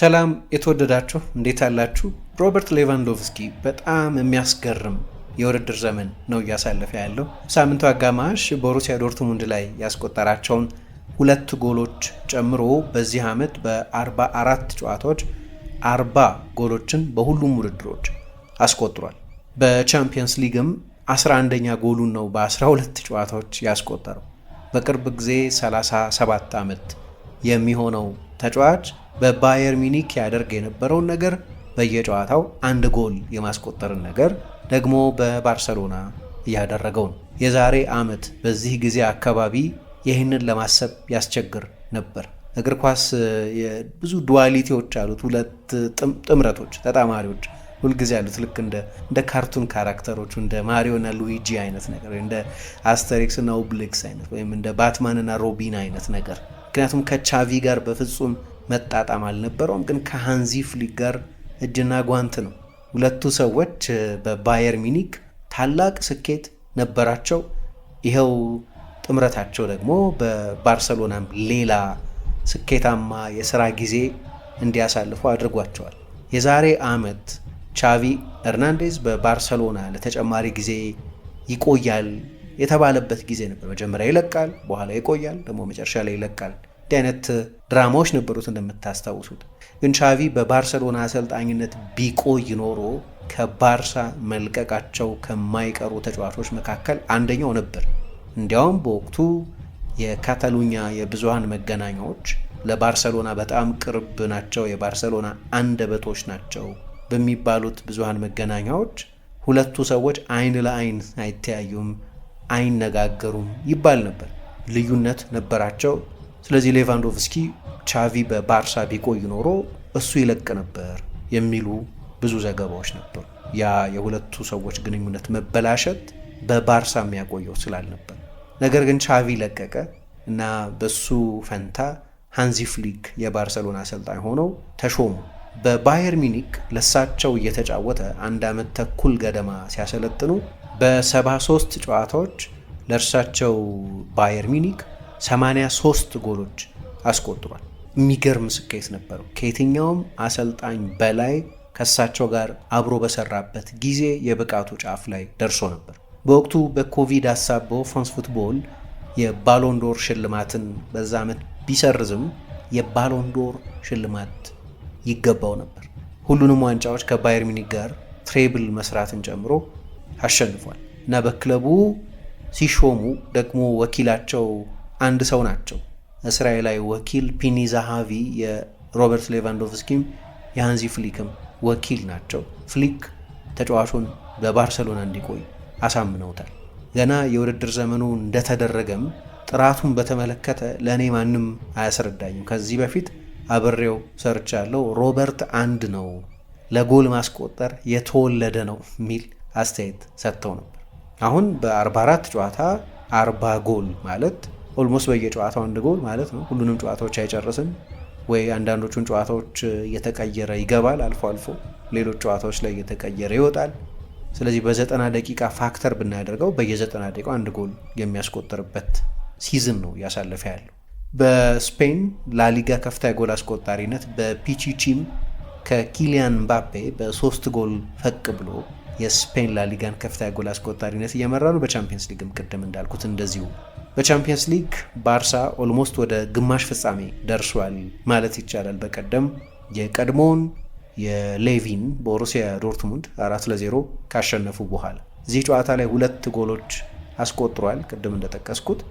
ሰላም የተወደዳችሁ እንዴት አላችሁ? ሮበርት ሌቫንዶቭስኪ በጣም የሚያስገርም የውድድር ዘመን ነው እያሳለፈ ያለው። ሳምንቱ አጋማሽ በሩሲያ ዶርትሙንድ ላይ ያስቆጠራቸውን ሁለት ጎሎች ጨምሮ በዚህ ዓመት በ44 ጨዋታዎች 40 ጎሎችን በሁሉም ውድድሮች አስቆጥሯል። በቻምፒየንስ ሊግም 11ኛ ጎሉን ነው በ12 ጨዋታዎች ያስቆጠረው። በቅርብ ጊዜ 37 ዓመት የሚሆነው ተጫዋች በባየር ሚኒክ ያደርግ የነበረውን ነገር በየጨዋታው አንድ ጎል የማስቆጠርን ነገር ደግሞ በባርሰሎና እያደረገው ነው። የዛሬ ዓመት በዚህ ጊዜ አካባቢ ይህንን ለማሰብ ያስቸግር ነበር። እግር ኳስ ብዙ ዱዋሊቲዎች አሉት፣ ሁለት ጥምረቶች፣ ተጣማሪዎች ሁልጊዜ ያሉት ልክ እንደ ካርቱን ካራክተሮች እንደ ማሪዮና ሉዊጂ አይነት ነገር፣ እንደ አስተሪክስና ኦብሊክስ አይነት ወይም እንደ ባትማንና ሮቢን አይነት ነገር ምክንያቱም ከቻቪ ጋር በፍጹም መጣጣም አልነበረውም። ግን ከሃንዚ ፍሊክ ጋር እጅና ጓንት ነው። ሁለቱ ሰዎች በባየር ሚኒክ ታላቅ ስኬት ነበራቸው። ይኸው ጥምረታቸው ደግሞ በባርሰሎናም ሌላ ስኬታማ የስራ ጊዜ እንዲያሳልፉ አድርጓቸዋል። የዛሬ ዓመት ቻቪ ኤርናንዴዝ በባርሰሎና ለተጨማሪ ጊዜ ይቆያል የተባለበት ጊዜ ነበር። መጀመሪያ ይለቃል፣ በኋላ ይቆያል፣ ደግሞ መጨረሻ ላይ ይለቃል። እንዲህ አይነት ድራማዎች ነበሩት እንደምታስታውሱት። ግን ሻቪ በባርሰሎና አሰልጣኝነት ቢቆይ ኖሮ ከባርሳ መልቀቃቸው ከማይቀሩ ተጫዋቾች መካከል አንደኛው ነበር። እንዲያውም በወቅቱ የካታሉኛ የብዙሃን መገናኛዎች ለባርሰሎና በጣም ቅርብ ናቸው፣ የባርሰሎና አንደበቶች ናቸው በሚባሉት ብዙሃን መገናኛዎች ሁለቱ ሰዎች አይን ለአይን አይተያዩም፣ አይነጋገሩም ይባል ነበር። ልዩነት ነበራቸው። ስለዚህ ሌቫንዶቭስኪ ቻቪ በባርሳ ቢቆይ ኖሮ እሱ ይለቅ ነበር የሚሉ ብዙ ዘገባዎች ነበሩ። ያ የሁለቱ ሰዎች ግንኙነት መበላሸት በባርሳ የሚያቆየው ስላልነበር፣ ነገር ግን ቻቪ ለቀቀ እና በሱ ፈንታ ሃንዚ ፍሊክ የባርሰሎና አሰልጣኝ ሆነው ተሾሙ። በባየር ሚኒክ ለሳቸው እየተጫወተ አንድ ዓመት ተኩል ገደማ ሲያሰለጥኑ በ73 ጨዋታዎች ለእርሳቸው ባየር ሚኒክ 83 ጎሎች አስቆጥሯል። የሚገርም ስኬት ነበረው። ከየትኛውም አሰልጣኝ በላይ ከእሳቸው ጋር አብሮ በሰራበት ጊዜ የብቃቱ ጫፍ ላይ ደርሶ ነበር። በወቅቱ በኮቪድ አሳበው ፍራንስ ፉትቦል የባሎንዶር ሽልማትን በዛ ዓመት ቢሰርዝም የባሎንዶር ሽልማት ይገባው ነበር። ሁሉንም ዋንጫዎች ከባየር ሚኒክ ጋር ትሬብል መስራትን ጨምሮ አሸንፏል እና በክለቡ ሲሾሙ ደግሞ ወኪላቸው አንድ ሰው ናቸው። እስራኤላዊ ወኪል ፒኒ ዛሃቪ የሮበርት ሌቫንዶቭስኪም የሃንዚ ፍሊክም ወኪል ናቸው። ፍሊክ ተጫዋቹን በባርሰሎና እንዲቆይ አሳምነውታል። ገና የውድድር ዘመኑ እንደተደረገም ጥራቱን በተመለከተ ለእኔ ማንም አያስረዳኝም። ከዚህ በፊት አብሬው ሰርቻለሁ። ሮበርት አንድ ነው፣ ለጎል ማስቆጠር የተወለደ ነው የሚል አስተያየት ሰጥተው ነበር። አሁን በ44 ጨዋታ 40 ጎል ማለት ኦልሞስት በየጨዋታው አንድ ጎል ማለት ነው። ሁሉንም ጨዋታዎች አይጨርስም ወይ አንዳንዶቹን ጨዋታዎች እየተቀየረ ይገባል፣ አልፎ አልፎ ሌሎች ጨዋታዎች ላይ እየተቀየረ ይወጣል። ስለዚህ በዘጠና ደቂቃ ፋክተር ብናደርገው በየዘጠና ደቂቃ አንድ ጎል የሚያስቆጥርበት ሲዝን ነው እያሳለፈ ያለው። በስፔን ላሊጋ ከፍታ የጎል አስቆጣሪነት በፒቺቺም ከኪሊያን ምባፔ በሶስት ጎል ፈቅ ብሎ የስፔን ላሊጋን ከፍተኛ ጎል አስቆጣሪነት እየመራ ነው። በቻምፒየንስ ሊግም ቅድም እንዳልኩት እንደዚሁ። በቻምፒየንስ ሊግ ባርሳ ኦልሞስት ወደ ግማሽ ፍጻሜ ደርሷል ማለት ይቻላል። በቀደም የቀድሞውን የሌቪን ቦሩሲያ ዶርትሙንድ አራት ለዜሮ ካሸነፉ በኋላ እዚህ ጨዋታ ላይ ሁለት ጎሎች አስቆጥሯል። ቅድም እንደጠቀስኩት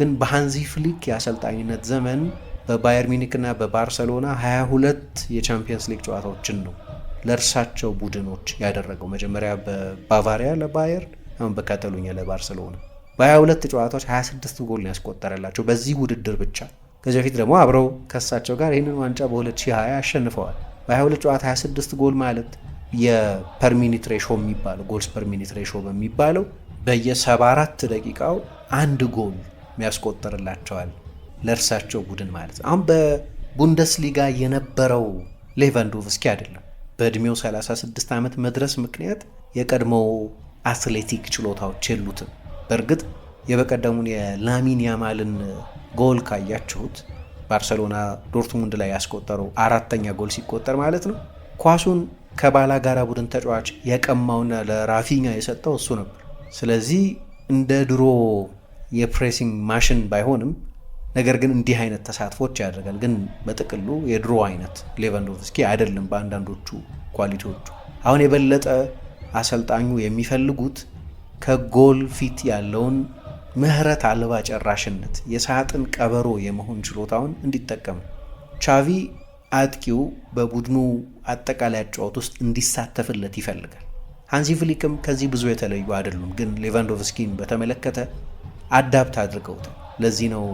ግን በሃንዚ ፍሊክ የአሰልጣኝነት ዘመን በባየር ሚኒክና በባርሰሎና 22 የቻምፒየንስ ሊግ ጨዋታዎችን ነው ለእርሳቸው ቡድኖች ያደረገው መጀመሪያ በባቫሪያ ለባየር አሁን በካታሎኛ ለባርሰሎና በ22 ጨዋታዎች 26 ጎል ነው ያስቆጠረላቸው በዚህ ውድድር ብቻ። ከዚህ በፊት ደግሞ አብረው ከእሳቸው ጋር ይህንን ዋንጫ በ2020 አሸንፈዋል። በ22 ጨዋታ 26 ጎል ማለት የፐርሚኒት ሬሾ የሚባለው ጎልስ ፐርሚኒት ሬሾ በሚባለው በየ74 ደቂቃው አንድ ጎል ያስቆጠርላቸዋል ለእርሳቸው ቡድን ማለት ነው። አሁን በቡንደስሊጋ የነበረው ሌቫንዶቭስኪ አይደለም። በእድሜው 36 ዓመት መድረስ ምክንያት የቀድሞው አትሌቲክ ችሎታዎች የሉትም። በእርግጥ የበቀደሙን የላሚን ያማልን ጎል ካያችሁት ባርሰሎና ዶርትሙንድ ላይ ያስቆጠረው አራተኛ ጎል ሲቆጠር ማለት ነው። ኳሱን ከባላጋራ ቡድን ተጫዋች የቀማውና ለራፊኛ የሰጠው እሱ ነበር። ስለዚህ እንደ ድሮ የፕሬሲንግ ማሽን ባይሆንም ነገር ግን እንዲህ አይነት ተሳትፎች ያደርጋል። ግን በጥቅሉ የድሮ አይነት ሌቫንዶቭስኪ አይደለም በአንዳንዶቹ ኳሊቲዎቹ። አሁን የበለጠ አሰልጣኙ የሚፈልጉት ከጎል ፊት ያለውን ምህረት አልባ ጨራሽነት፣ የሳጥን ቀበሮ የመሆን ችሎታውን እንዲጠቀም ቻቪ አጥቂው በቡድኑ አጠቃላይ አጫወት ውስጥ እንዲሳተፍለት ይፈልጋል። ሃንሲ ፍሊክም ከዚህ ብዙ የተለዩ አይደሉም። ግን ሌቫንዶቭስኪን በተመለከተ አዳብት አድርገውታል። ለዚህ ነው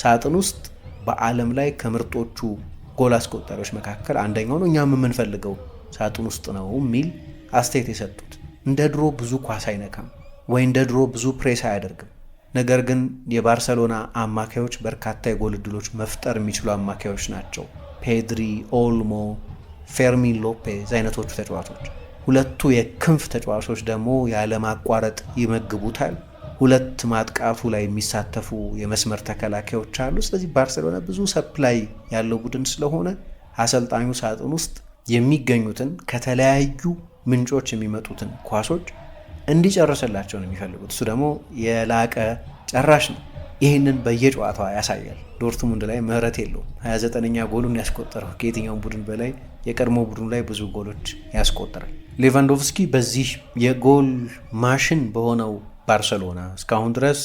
ሳጥን ውስጥ በዓለም ላይ ከምርጦቹ ጎል አስቆጣሪዎች መካከል አንደኛው ነው፣ እኛም የምንፈልገው ሳጥን ውስጥ ነው የሚል አስተያየት የሰጡት። እንደ ድሮ ብዙ ኳስ አይነካም ወይ እንደ ድሮ ብዙ ፕሬስ አያደርግም። ነገር ግን የባርሰሎና አማካዮች በርካታ የጎል እድሎች መፍጠር የሚችሉ አማካዮች ናቸው። ፔድሪ፣ ኦልሞ፣ ፌርሚን ሎፔዝ አይነቶቹ ተጫዋቾች። ሁለቱ የክንፍ ተጫዋቾች ደግሞ ያለማቋረጥ ይመግቡታል። ሁለት ማጥቃቱ ላይ የሚሳተፉ የመስመር ተከላካዮች አሉ። ስለዚህ ባርሴሎና ብዙ ሰፕላይ ያለው ቡድን ስለሆነ አሰልጣኙ ሳጥን ውስጥ የሚገኙትን ከተለያዩ ምንጮች የሚመጡትን ኳሶች እንዲጨርስላቸው ነው የሚፈልጉት። እሱ ደግሞ የላቀ ጨራሽ ነው። ይህንን በየጨዋታዋ ያሳያል። ዶርትሙንድ ላይ ምህረት የለውም። 29ኛ ጎሉን ያስቆጠረው ከየትኛውም ቡድን በላይ የቀድሞ ቡድኑ ላይ ብዙ ጎሎች ያስቆጠራል። ሌቫንዶቭስኪ በዚህ የጎል ማሽን በሆነው ባርሰሎና እስካሁን ድረስ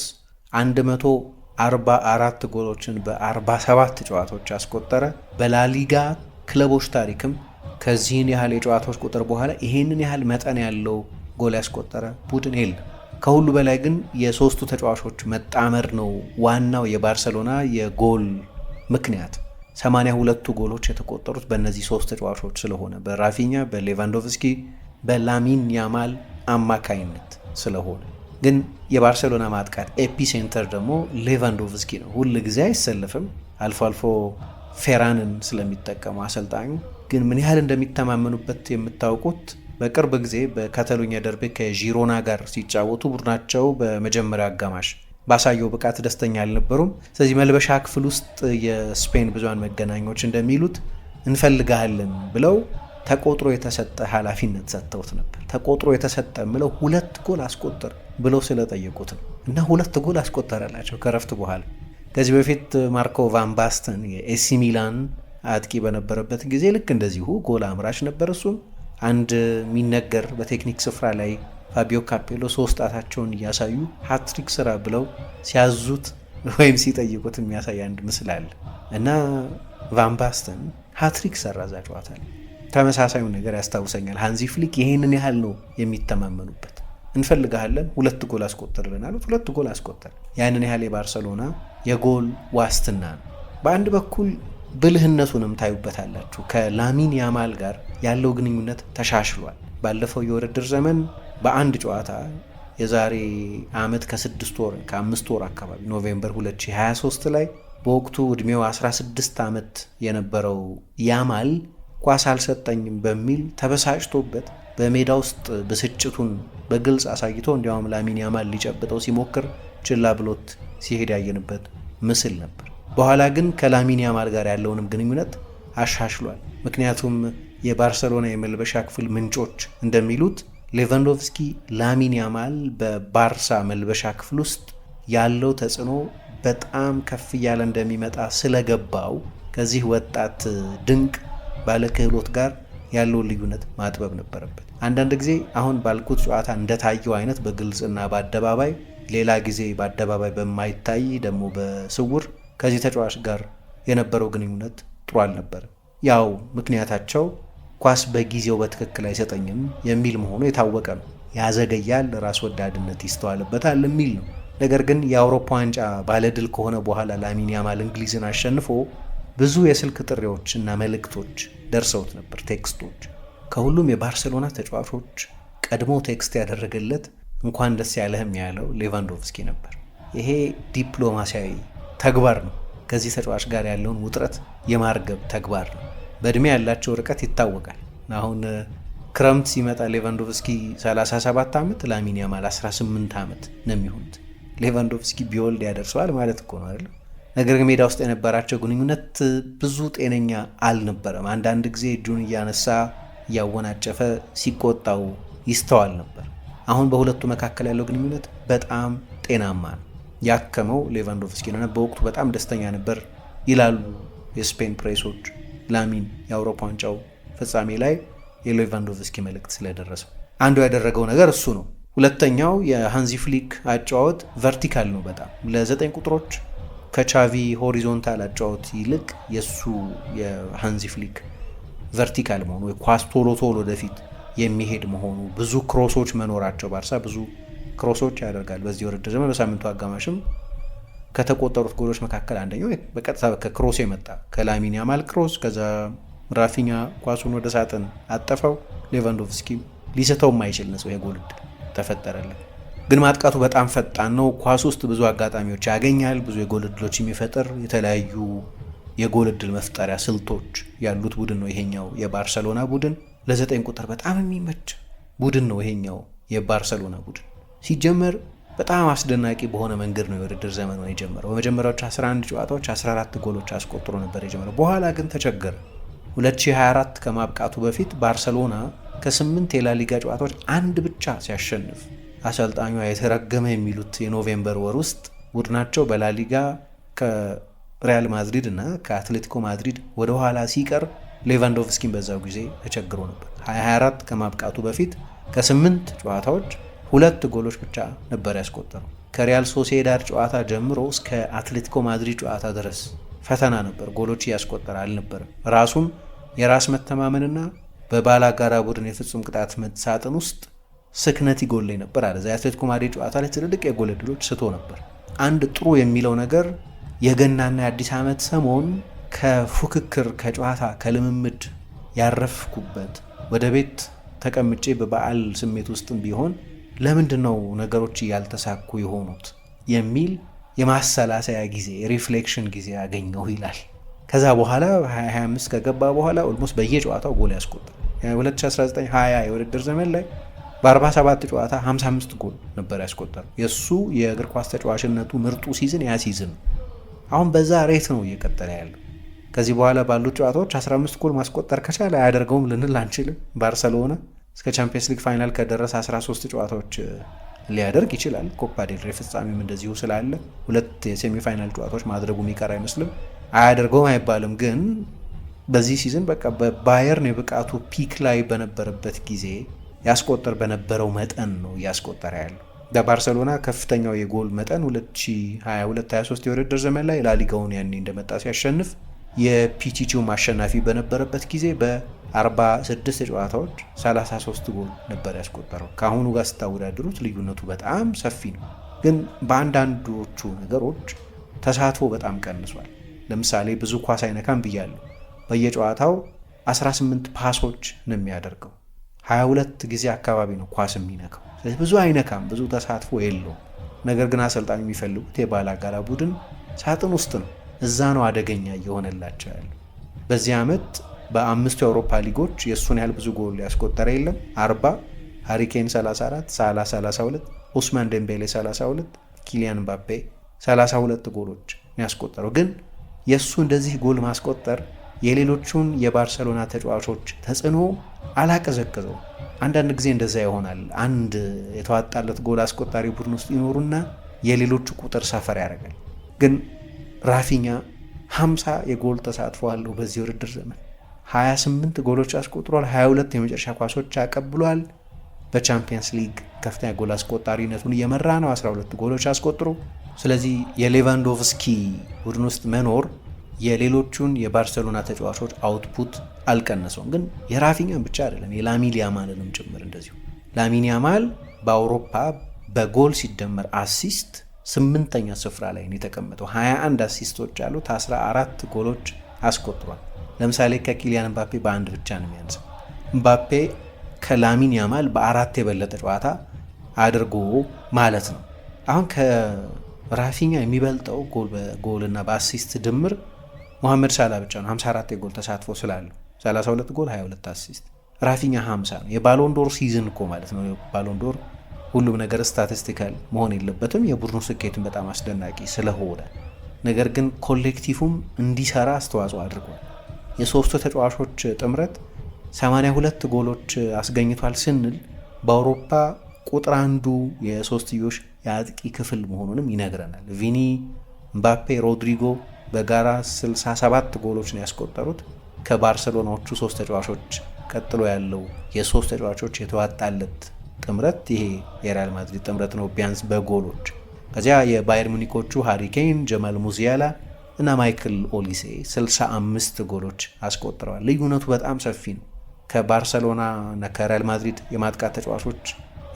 144 ጎሎችን በ47 ጨዋታዎች አስቆጠረ። በላሊጋ ክለቦች ታሪክም ከዚህን ያህል የጨዋታዎች ቁጥር በኋላ ይሄንን ያህል መጠን ያለው ጎል ያስቆጠረ ቡድን የለም። ከሁሉ በላይ ግን የሶስቱ ተጫዋቾች መጣመር ነው ዋናው የባርሰሎና የጎል ምክንያት። 82ቱ ጎሎች የተቆጠሩት በእነዚህ ሶስት ተጫዋቾች ስለሆነ በራፊኛ፣ በሌቫንዶቭስኪ፣ በላሚን ያማል አማካይነት ስለሆነ ግን የባርሴሎና ማጥቃት ኤፒሴንተር ደግሞ ሌቫንዶቭስኪ ነው። ሁል ጊዜ አይሰልፍም። አልፎ አልፎ ፌራንን ስለሚጠቀሙ አሰልጣኙ ግን ምን ያህል እንደሚተማመኑበት የምታውቁት በቅርብ ጊዜ በካታሎኛ ደርቤ ከዢሮና ጋር ሲጫወቱ ቡድናቸው በመጀመሪያ አጋማሽ ባሳየው ብቃት ደስተኛ አልነበሩም። ስለዚህ መልበሻ ክፍል ውስጥ የስፔን ብዙሃን መገናኛዎች እንደሚሉት እንፈልግሃለን ብለው ተቆጥሮ የተሰጠ ኃላፊነት ሰጥተውት ነበር። ተቆጥሮ የተሰጠ ምለው ሁለት ጎል አስቆጠር ብለው ስለጠየቁት ነው እና ሁለት ጎል አስቆጠረላቸው ከረፍት በኋላ። ከዚህ በፊት ማርኮ ቫን ባስተን የኤሲ ሚላን አጥቂ በነበረበት ጊዜ ልክ እንደዚሁ ጎል አምራች ነበር። እሱም አንድ የሚነገር በቴክኒክ ስፍራ ላይ ፋቢዮ ካፔሎ ሶስት ጣታቸውን እያሳዩ ሀትሪክ ስራ ብለው ሲያዙት ወይም ሲጠይቁት የሚያሳይ አንድ ምስል አለ እና ቫን ባስተን ሀትሪክ ሰራ እዛ ጨዋታ ላይ። ነገር ያስታውሰኛል። ሃንዚ ፍሊክ ይህንን ያህል ነው የሚተማመኑበት። እንፈልግሃለን፣ ሁለት ጎል አስቆጠርልን አሉት። ሁለት ጎል አስቆጠር። ያንን ያህል የባርሰሎና የጎል ዋስትና ነው። በአንድ በኩል ብልህነቱንም ታዩበታላችሁ። ከላሚን ያማል ጋር ያለው ግንኙነት ተሻሽሏል። ባለፈው የውድድር ዘመን በአንድ ጨዋታ የዛሬ ዓመት ከስድስት ወር ከአምስት ወር አካባቢ ኖቬምበር 2023 ላይ በወቅቱ ዕድሜው 16 ዓመት የነበረው ያማል ኳስ አልሰጠኝም በሚል ተበሳጭቶበት በሜዳ ውስጥ ብስጭቱን በግልጽ አሳይቶ እንዲያውም ላሚን ያማል ሊጨብጠው ሲሞክር ችላ ብሎት ሲሄድ ያየንበት ምስል ነበር። በኋላ ግን ከላሚን ያማል ጋር ያለውንም ግንኙነት አሻሽሏል። ምክንያቱም የባርሰሎና የመልበሻ ክፍል ምንጮች እንደሚሉት ሌቫንዶቭስኪ ላሚን ያማል በባርሳ መልበሻ ክፍል ውስጥ ያለው ተጽዕኖ በጣም ከፍ እያለ እንደሚመጣ ስለገባው ከዚህ ወጣት ድንቅ ባለክህሎት ጋር ያለውን ልዩነት ማጥበብ ነበረበት። አንዳንድ ጊዜ አሁን ባልኩት ጨዋታ እንደታየው አይነት በግልጽና በአደባባይ ሌላ ጊዜ በአደባባይ በማይታይ ደግሞ በስውር ከዚህ ተጫዋች ጋር የነበረው ግንኙነት ጥሩ አልነበርም። ያው ምክንያታቸው ኳስ በጊዜው በትክክል አይሰጠኝም የሚል መሆኑ የታወቀ ነው። ያዘገያል፣ ራስ ወዳድነት ይስተዋልበታል የሚል ነው። ነገር ግን የአውሮፓ ዋንጫ ባለድል ከሆነ በኋላ ላሚን ያማል እንግሊዝን አሸንፎ ብዙ የስልክ ጥሪዎች እና መልእክቶች ደርሰውት ነበር ቴክስቶች ከሁሉም የባርሴሎና ተጫዋቾች ቀድሞ ቴክስት ያደረገለት እንኳን ደስ ያለህም ያለው ሌቫንዶቭስኪ ነበር። ይሄ ዲፕሎማሲያዊ ተግባር ነው። ከዚህ ተጫዋች ጋር ያለውን ውጥረት የማርገብ ተግባር ነው። በእድሜ ያላቸው ርቀት ይታወቃል። አሁን ክረምት ሲመጣ ሌቫንዶቭስኪ 37 ዓመት ላሚን ያማል 18 ዓመት ነው የሚሆኑት። ሌቫንዶቭስኪ ቢወልድ ያደርሰዋል ማለት እኮ ነው አይደለም። ነገር ግን ሜዳ ውስጥ የነበራቸው ግንኙነት ብዙ ጤነኛ አልነበረም። አንዳንድ ጊዜ እጁን እያነሳ እያወናጨፈ ሲቆጣው ይስተዋል ነበር። አሁን በሁለቱ መካከል ያለው ግንኙነት በጣም ጤናማ ነው። ያከመው ሌቫንዶቭስኪ ነው። በወቅቱ በጣም ደስተኛ ነበር ይላሉ የስፔን ፕሬሶች ላሚን የአውሮፓ ዋንጫው ፍጻሜ ላይ የሌቫንዶቭስኪ መልእክት ስለደረሰው አንዱ ያደረገው ነገር እሱ ነው። ሁለተኛው የሃንዚ ፍሊክ አጫወት ቨርቲካል ነው በጣም ለዘጠኝ ቁጥሮች ከቻቪ ሆሪዞንታል አጫወት ይልቅ የእሱ የሃንዚ ፍሊክ ቨርቲካል መሆኑ ወይ ኳስ ቶሎ ቶሎ ወደፊት የሚሄድ መሆኑ ብዙ ክሮሶች መኖራቸው ባርሳ ብዙ ክሮሶች ያደርጋል በዚህ ውድድር ዘመን። በሳምንቱ አጋማሽም ከተቆጠሩት ጎሎች መካከል አንደኛው በቀጥታ ከክሮስ የመጣ ከላሚን ያማል ክሮስ፣ ከዛ ራፊኛ ኳሱን ወደ ሳጥን አጠፈው። ሌቫንዶቭስኪ ሊሰተው የማይችል ነው የጎል ዕድል ተፈጠረለት። ግን ማጥቃቱ በጣም ፈጣን ነው። ኳስ ውስጥ ብዙ አጋጣሚዎች ያገኛል። ብዙ የጎል የሚፈጥር የተለያዩ የጎል እድል መፍጠሪያ ስልቶች ያሉት ቡድን ነው ይሄኛው የባርሰሎና ቡድን። ለዘጠኝ ቁጥር በጣም የሚመች ቡድን ነው ይሄኛው የባርሰሎና ቡድን። ሲጀመር በጣም አስደናቂ በሆነ መንገድ ነው የውድድር ዘመኑን የጀመረው። በመጀመሪያዎቹ 11 ጨዋታዎች 14 ጎሎች አስቆጥሮ ነበር የጀመረው። በኋላ ግን ተቸገረ። 2024 ከማብቃቱ በፊት ባርሰሎና ከስምንት የላሊጋ ጨዋታዎች አንድ ብቻ ሲያሸንፍ አሰልጣኟ የተረገመ የሚሉት የኖቬምበር ወር ውስጥ ቡድናቸው በላሊጋ ሪያል ማድሪድ እና ከአትሌቲኮ ማድሪድ ወደ ኋላ ሲቀር ሌቫንዶቭስኪን በዛው ጊዜ ተቸግሮ ነበር። 24 ከማብቃቱ በፊት ከስምንት ጨዋታዎች ሁለት ጎሎች ብቻ ነበር ያስቆጠረው። ከሪያል ሶሴዳድ ጨዋታ ጀምሮ እስከ አትሌቲኮ ማድሪድ ጨዋታ ድረስ ፈተና ነበር። ጎሎች እያስቆጠረ አልነበረም። ራሱም የራስ መተማመንና በባላጋራ ቡድን የፍጹም ቅጣት ምት ሳጥን ውስጥ ስክነት ይጎለኝ ነበር አለ። የአትሌቲኮ ማድሪድ ጨዋታ ላይ ትልልቅ የጎል ስቶ ነበር። አንድ ጥሩ የሚለው ነገር የገናና የአዲስ ዓመት ሰሞን ከፉክክር ከጨዋታ ከልምምድ ያረፍኩበት ወደ ቤት ተቀምጬ በበዓል ስሜት ውስጥም ቢሆን ለምንድን ነው ነገሮች እያልተሳኩ የሆኑት የሚል የማሰላሰያ ጊዜ ሪፍሌክሽን ጊዜ አገኘሁ ይላል። ከዛ በኋላ 25 ከገባ በኋላ ኦልሞስት በየጨዋታው ጎል ያስቆጠ 2019 የውድድር ዘመን ላይ በ47 ጨዋታ 55 ጎል ነበር ያስቆጠረው። የእሱ የእግር ኳስ ተጫዋችነቱ ምርጡ ሲዝን ያ ሲዝን ነው። አሁን በዛ ሬት ነው እየቀጠለ ያለ። ከዚህ በኋላ ባሉት ጨዋታዎች 15 ጎል ማስቆጠር ከቻለ አያደርገውም ልንል አንችልም። ባርሰሎና እስከ ቻምፒየንስ ሊግ ፋይናል ከደረሰ 13 ጨዋታዎች ሊያደርግ ይችላል። ኮፓ ዴል ሬ ፍጻሜም እንደዚሁ ስላለ ሁለት የሴሚፋይናል ጨዋታዎች ማድረጉ የሚቀር አይመስልም። አያደርገውም አይባልም፣ ግን በዚህ ሲዝን በቃ በባየርን የብቃቱ ፒክ ላይ በነበረበት ጊዜ ያስቆጠር በነበረው መጠን ነው እያስቆጠረ ያለው። በባርሰሎና ከፍተኛው የጎል መጠን 2022/23 የውድድር ዘመን ላይ ላሊጋውን ያኔ እንደመጣ ሲያሸንፍ የፒቲቲው አሸናፊ በነበረበት ጊዜ በ46 ጨዋታዎች 33 ጎል ነበር ያስቆጠረው። ከአሁኑ ጋር ስታወዳድሩት ልዩነቱ በጣም ሰፊ ነው። ግን በአንዳንዶቹ ነገሮች ተሳትፎ በጣም ቀንሷል። ለምሳሌ ብዙ ኳስ አይነካም ብያለሁ። በየጨዋታው 18 ፓሶች ነው የሚያደርገው። 22 ጊዜ አካባቢ ነው ኳስ የሚነካው። ስለዚህ ብዙ አይነካም፣ ብዙ ተሳትፎ የለውም። ነገር ግን አሰልጣኙ የሚፈልጉት የባላጋራ ቡድን ሳጥን ውስጥ ነው። እዛ ነው አደገኛ እየሆነላቸው ያሉ። በዚህ ዓመት በአምስቱ የአውሮፓ ሊጎች የእሱን ያህል ብዙ ጎል ያስቆጠረ የለም። አርባ ሃሪኬን 34፣ ሳላ 32፣ ኡስማን ደምቤሌ 32፣ ኪሊያን ባፔ 32 ጎሎች ያስቆጠረው ግን የእሱ እንደዚህ ጎል ማስቆጠር የሌሎቹን የባርሰሎና ተጫዋቾች ተጽዕኖ አላቀዘቅዘው አንዳንድ ጊዜ እንደዛ ይሆናል። አንድ የተዋጣለት ጎል አስቆጣሪ ቡድን ውስጥ ይኖሩና የሌሎቹ ቁጥር ሰፈር ያደርጋል። ግን ራፊኛ 50 የጎል ተሳትፎ አለው በዚህ ውድድር ዘመን 28 ጎሎች አስቆጥሯል። 22 የመጨረሻ ኳሶች አቀብሏል። በቻምፒየንስ ሊግ ከፍተኛ ጎል አስቆጣሪነቱን እየመራ ነው 12 ጎሎች አስቆጥሮ። ስለዚህ የሌቫንዶቭስኪ ቡድን ውስጥ መኖር የሌሎቹን የባርሰሎና ተጫዋቾች አውትፑት አልቀነሰውም። ግን የራፊኛን ብቻ አይደለም የላሚን ያማልንም ጭምር እንደዚሁ። ላሚን ያማል በአውሮፓ በጎል ሲደመር አሲስት ስምንተኛ ስፍራ ላይ ነው የተቀመጠው። 21 አሲስቶች ያሉት 14 ጎሎች አስቆጥሯል። ለምሳሌ ከኪሊያን እምባፔ በአንድ ብቻ ነው የሚያንሰው። እምባፔ ከላሚን ያማል በአራት የበለጠ ጨዋታ አድርጎ ማለት ነው። አሁን ከራፊኛ የሚበልጠው ጎል በጎልና በአሲስት ድምር ሞሐመድ ሳላ ብቻ ነው 54 የጎል ተሳትፎ ስላለው 32 ጎል 22 አሲስት። ራፊኛ 50 ነው። የባሎንዶር ሲዝን እኮ ማለት ነው። ባሎንዶር ሁሉም ነገር ስታቲስቲካል መሆን የለበትም። የቡድኑ ስኬትን በጣም አስደናቂ ስለሆነ ነገር ግን ኮሌክቲፉም እንዲሰራ አስተዋጽኦ አድርጓል። የሶስቱ ተጫዋቾች ጥምረት 82 ጎሎች አስገኝቷል ስንል በአውሮፓ ቁጥር አንዱ የሶስትዮሽ የአጥቂ ክፍል መሆኑንም ይነግረናል። ቪኒ፣ ምባፔ፣ ሮድሪጎ በጋራ 67 ጎሎች ነው ያስቆጠሩት። ከባርሰሎናዎቹ ሶስት ተጫዋቾች ቀጥሎ ያለው የሶስት ተጫዋቾች የተዋጣለት ጥምረት ይሄ የሪያል ማድሪድ ጥምረት ነው፣ ቢያንስ በጎሎች ከዚያ የባየር ሙኒኮቹ ሃሪኬን፣ ጀማል ሙዚያላ እና ማይክል ኦሊሴ 65 ጎሎች አስቆጥረዋል። ልዩነቱ በጣም ሰፊ ነው። ከባርሰሎና እና ከሪያል ማድሪድ የማጥቃት ተጫዋቾች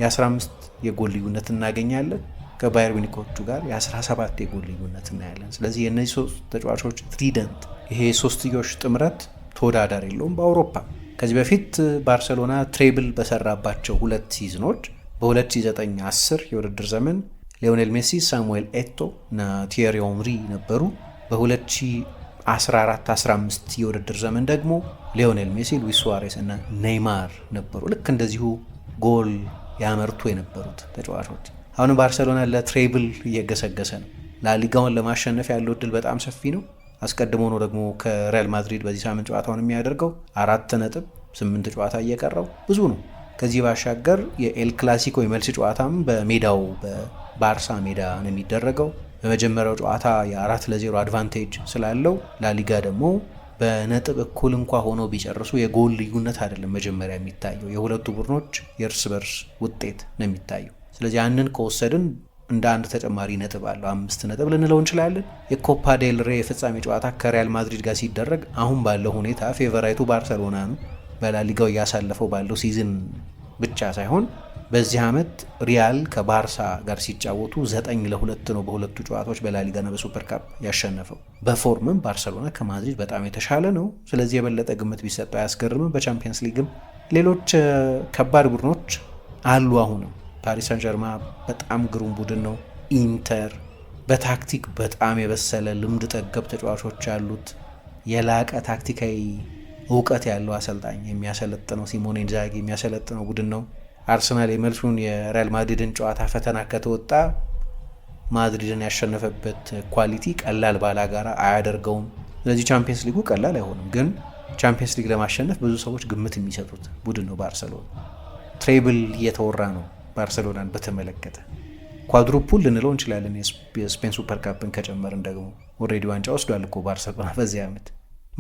የ15 የጎል ልዩነት እናገኛለን። ከባየር ሚኒኮቹ ጋር የ17 የጎል ልዩነት እናያለን። ስለዚህ የእነዚህ ሶስት ተጫዋቾች ትሪደንት ይሄ የሶስትዮሽ ጥምረት ተወዳዳሪ የለውም በአውሮፓ። ከዚህ በፊት ባርሴሎና ትሬብል በሰራባቸው ሁለት ሲዝኖች በ2009/10 የውድድር ዘመን ሊዮኔል ሜሲ፣ ሳሙኤል ኤቶ እና ቲየሪ ኦምሪ ነበሩ። በ2014/15 የውድድር ዘመን ደግሞ ሊዮኔል ሜሲ፣ ሉዊስ ሱዋሬስ እና ኔይማር ነበሩ። ልክ እንደዚሁ ጎል ያመርቱ የነበሩት ተጫዋቾች አሁንም ባርሰሎና ለትሬብል እየገሰገሰ ነው። ላሊጋውን ለማሸነፍ ያለው እድል በጣም ሰፊ ነው። አስቀድሞ ነው ደግሞ ከሪያል ማድሪድ በዚህ ሳምንት ጨዋታውን የሚያደርገው። አራት ነጥብ ስምንት ጨዋታ እየቀረው ብዙ ነው። ከዚህ ባሻገር የኤል ክላሲኮ የመልስ ጨዋታም በሜዳው በባርሳ ሜዳ ነው የሚደረገው። በመጀመሪያው ጨዋታ የአራት ለዜሮ አድቫንቴጅ ስላለው ላሊጋ ደግሞ በነጥብ እኩል እንኳ ሆኖ ቢጨርሱ የጎል ልዩነት አይደለም መጀመሪያ የሚታየው የሁለቱ ቡድኖች የእርስ በርስ ውጤት ነው የሚታየው። ስለዚህ ያንን ከወሰድን እንደ አንድ ተጨማሪ ነጥብ አለው አምስት ነጥብ ልንለው እንችላለን። የኮፓ ዴል ሬ የፍጻሜ ጨዋታ ከሪያል ማድሪድ ጋር ሲደረግ አሁን ባለው ሁኔታ ፌቨራይቱ ባርሰሎና ነው። በላሊጋው እያሳለፈው ባለው ሲዝን ብቻ ሳይሆን በዚህ ዓመት ሪያል ከባርሳ ጋር ሲጫወቱ ዘጠኝ ለሁለት ነው በሁለቱ ጨዋታዎች በላሊጋና በሱፐር ካፕ ያሸነፈው። በፎርምም ባርሰሎና ከማድሪድ በጣም የተሻለ ነው። ስለዚህ የበለጠ ግምት ቢሰጠው አያስገርምም። በቻምፒየንስ ሊግም ሌሎች ከባድ ቡድኖች አሉ አሁንም ፓሪስ ሳን ጀርማ በጣም ግሩም ቡድን ነው። ኢንተር በታክቲክ በጣም የበሰለ ልምድ ጠገብ ተጫዋቾች ያሉት የላቀ ታክቲካዊ እውቀት ያለው አሰልጣኝ የሚያሰለጥነው ሲሞኔ ኢንዛጊ የሚያሰለጥነው ቡድን ነው። አርሰናል የመልሱን የሪያል ማድሪድን ጨዋታ ፈተና ከተወጣ ማድሪድን ያሸነፈበት ኳሊቲ ቀላል ባላጋራ አያደርገውም። ስለዚህ ቻምፒየንስ ሊጉ ቀላል አይሆንም፣ ግን ቻምፒየንስ ሊግ ለማሸነፍ ብዙ ሰዎች ግምት የሚሰጡት ቡድን ነው። ባርሰሎና ትሬብል እየተወራ ነው። ባርሰሎናን በተመለከተ ኳድሩፑል ልንለው እንችላለን። የስፔን ሱፐር ካፕን ከጨመርን ደግሞ ኦልሬዲ ዋንጫ ወስዷል እኮ ባርሰሎና በዚህ ዓመት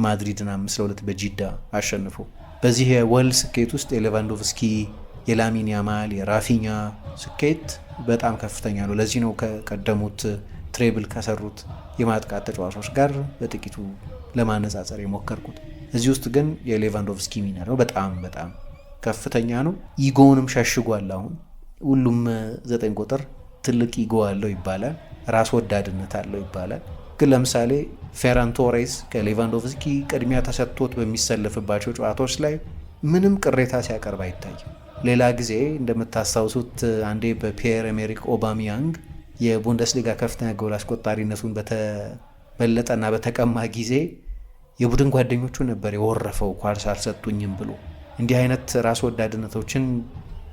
ማድሪድን አምስት ለሁለት በጂዳ አሸንፎ በዚህ የወል ስኬት ውስጥ የሌቫንዶቭስኪ የላሚን ያማል የራፊኛ ስኬት በጣም ከፍተኛ ነው። ለዚህ ነው ከቀደሙት ትሬብል ከሰሩት የማጥቃት ተጫዋቾች ጋር በጥቂቱ ለማነጻጸር የሞከርኩት። እዚህ ውስጥ ግን የሌቫንዶቭስኪ ሚና ነው በጣም በጣም ከፍተኛ ነው። ኢጎውንም ሸሽጓል አሁን ሁሉም ዘጠኝ ቁጥር ትልቅ ኢጎ አለው ይባላል፣ ራስ ወዳድነት አለው ይባላል። ግን ለምሳሌ ፌራን ቶሬስ ከሌቫንዶቭስኪ ቅድሚያ ተሰጥቶት በሚሰለፍባቸው ጨዋታዎች ላይ ምንም ቅሬታ ሲያቀርብ አይታይም። ሌላ ጊዜ እንደምታስታውሱት አንዴ በፒየር ኤሜሪክ ኦባሚያንግ የቡንደስሊጋ ከፍተኛ ጎል አስቆጣሪነቱን በተበለጠና በተቀማ ጊዜ የቡድን ጓደኞቹ ነበር የወረፈው ኳስ አልሰጡኝም ብሎ። እንዲህ አይነት ራስ ወዳድነቶችን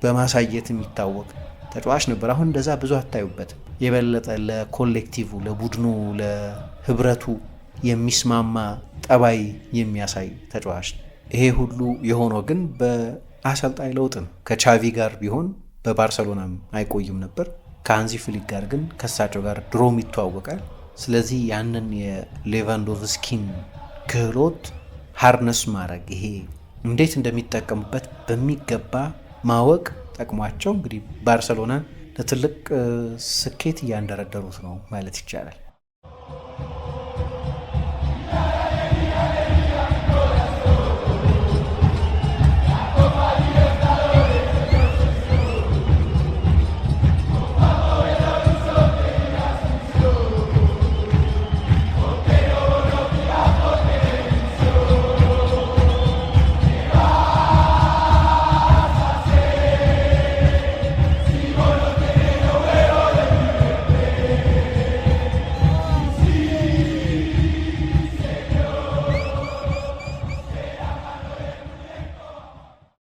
በማሳየት የሚታወቅ ተጫዋች ነበር። አሁን እንደዛ ብዙ አታዩበትም። የበለጠ ለኮሌክቲቭ ለቡድኑ፣ ለህብረቱ የሚስማማ ጠባይ የሚያሳይ ተጫዋች ነው። ይሄ ሁሉ የሆነው ግን በአሰልጣኝ ለውጥ ነው። ከቻቪ ጋር ቢሆን በባርሰሎናም አይቆይም ነበር። ከሀንዚ ፍሊክ ጋር ግን ከሳቸው ጋር ድሮም ይተዋወቃል። ስለዚህ ያንን የሌቫንዶቭስኪን ክህሎት ሀርነስ ማድረግ ይሄ እንዴት እንደሚጠቀሙበት በሚገባ ማወቅ ጠቅሟቸው እንግዲህ ባርሰሎናን ለትልቅ ስኬት እያንደረደሩት ነው ማለት ይቻላል።